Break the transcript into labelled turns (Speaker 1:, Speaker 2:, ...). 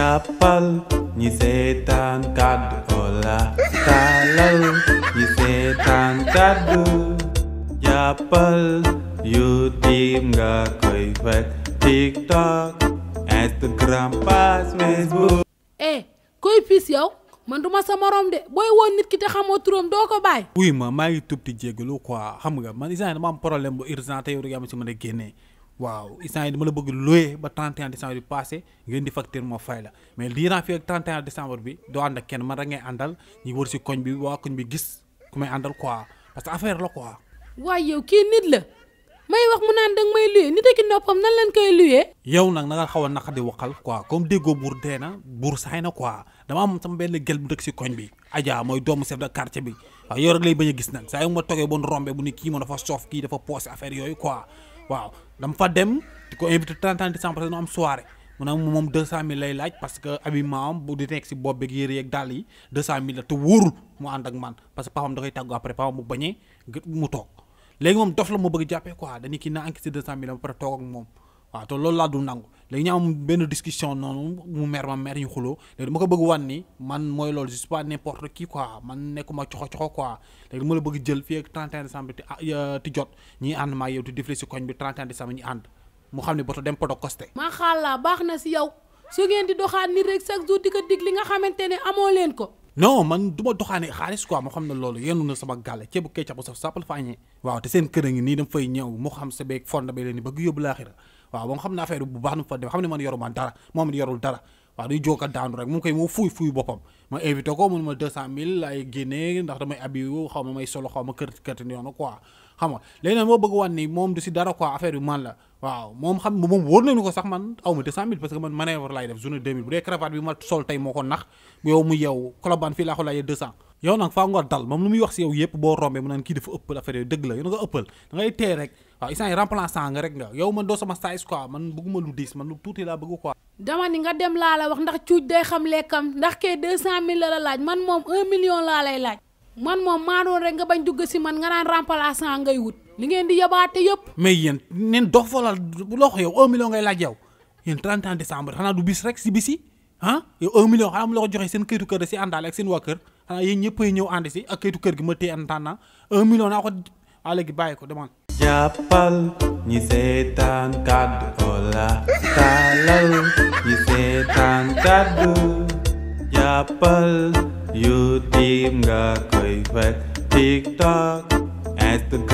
Speaker 1: ñàppal ñi nga koy fekk TikTok Instagram pass
Speaker 2: Facebook
Speaker 3: eh koy pis yow man duma sa morom de booy woon nit ki te xamoo turam doo ko bàyyi.
Speaker 2: wuy ma maa ngi tub di jégalu quoi xam nga man instant dama am problème bu urgent te yow rek yaa ma si mën a génnee waaw instant yi dama la bëgg loué ba 31 décembre bi passé ngeen di facture moo fay la mais lii naa fi ak 31 décembre bi doo ànd ak kenn man rek ngay àndal ñu wër si koñ bi waa koñ bi gis ku may àndal quoi parce que la quoi.
Speaker 3: waaye yow kii nit la may wax na
Speaker 2: a naqa di waxal quoi comme déggoo buur dee na buur saay na quoi dama am sama benn gel bu dëkk si koñ bi. Adja mooy doomu chef de quartier bi waaw yow rek lay bañ a gis nag saa yu ma toggee bon rombe bu ni kii moom dafa soof kii dafa poose affaire yooyu quoi. waaw dama fa dem di ko invité 30 ans décembre parce que ñu am soirée mu ne moom 200000 lay laaj parce que habillement am bu di nekk si bopp beeg yére dàll yi 200000 la te wóorul mu ànd ak man parce que papam da koy tàggu après papam mu bañee mu toog léegi moom dof la mu bëgg jàppee quoi dañuy kii naa encaissé 200000 ba pare toog ak moom. waaw te loolu laa du nangu léegi ñu am benn discussion noonu mu mer ma mer ñu xuloo léegi ma ko bëgg wan ni man mooy loolu je suis pas n'importe qui quoi man nekkuma coxo coxo quoi léegi ma la bëgg jël fii ak 31 décembre ti ah, jot ñi ànd maa yow di si koñ bi 31 décembre ñi ànd xam ne ba dem poto costé.
Speaker 3: maa xaala baax na si yow su ngeen di doxaan leen ko.
Speaker 2: non man du ma doxaane xaalis quoi moo xam ne loolu yenn na sama gale ceebu keccax bu saf sàppal fàññee waaw te seen kër a ngi nii dama fay ñëw moo xam sa beeg fonda ba leen ni bëgg yóbbu laaxira waaw moom xam na affaire bu baax nu mu fa dem xam ne man yoruma dara moom it yorul dara waaw day jóg daanu rek mu koy moo fuuy fuuy boppam ma invité ko mun ma deux cent mille ay génnee ndax damay abi xaw ma may solo xaw ma kër kër yoonu quoi xam nga moom du si dara quoi affaire yu man la waaw moom xam moom wóor nañu ko sax man aw ma deux cent mille bi ma sol tey moo ko nax bu yow mu yow Colobane fii laa ko laajee deux cent yow nag faa nga dal moom lu muy wax si yow yëpp boo rombee mu naan kii dafa ëppal affaire yooyu dëgg la yow da nga ëppal da ngay tee rek waaw instant yi remplaçant nga rek nga yow man doo sama size quoi man bëgguma lu diis man lu tuuti laa bëgg quoi
Speaker 3: dama ni nga dem laa la wax ndax cuuj day xam lekkam ndax kee deux mille la la laaj man moom un million laa lay laaj man moom maa doon rek nga bañ dugg si man nga naan remplaçant ngay wut li ngeen di yabaate yëpp
Speaker 2: mais yéen neen dox falal loo ko yow laaj yow yéen 31 décembre du bis rek si bisi ah yow un million xanaa mu seen këyitu kër da si àndaale ak seen waa kër Ah, yéen ñëpp ñëw ànd si ak kayitu kër gi ma téye en attendant un million naa ko ah, bàyyi ko demal
Speaker 1: jàppal ñi seetaan kàddu Ola taalal ñi seetaan kàddu jàppal YouTube nga koy fekk TikTok Instagram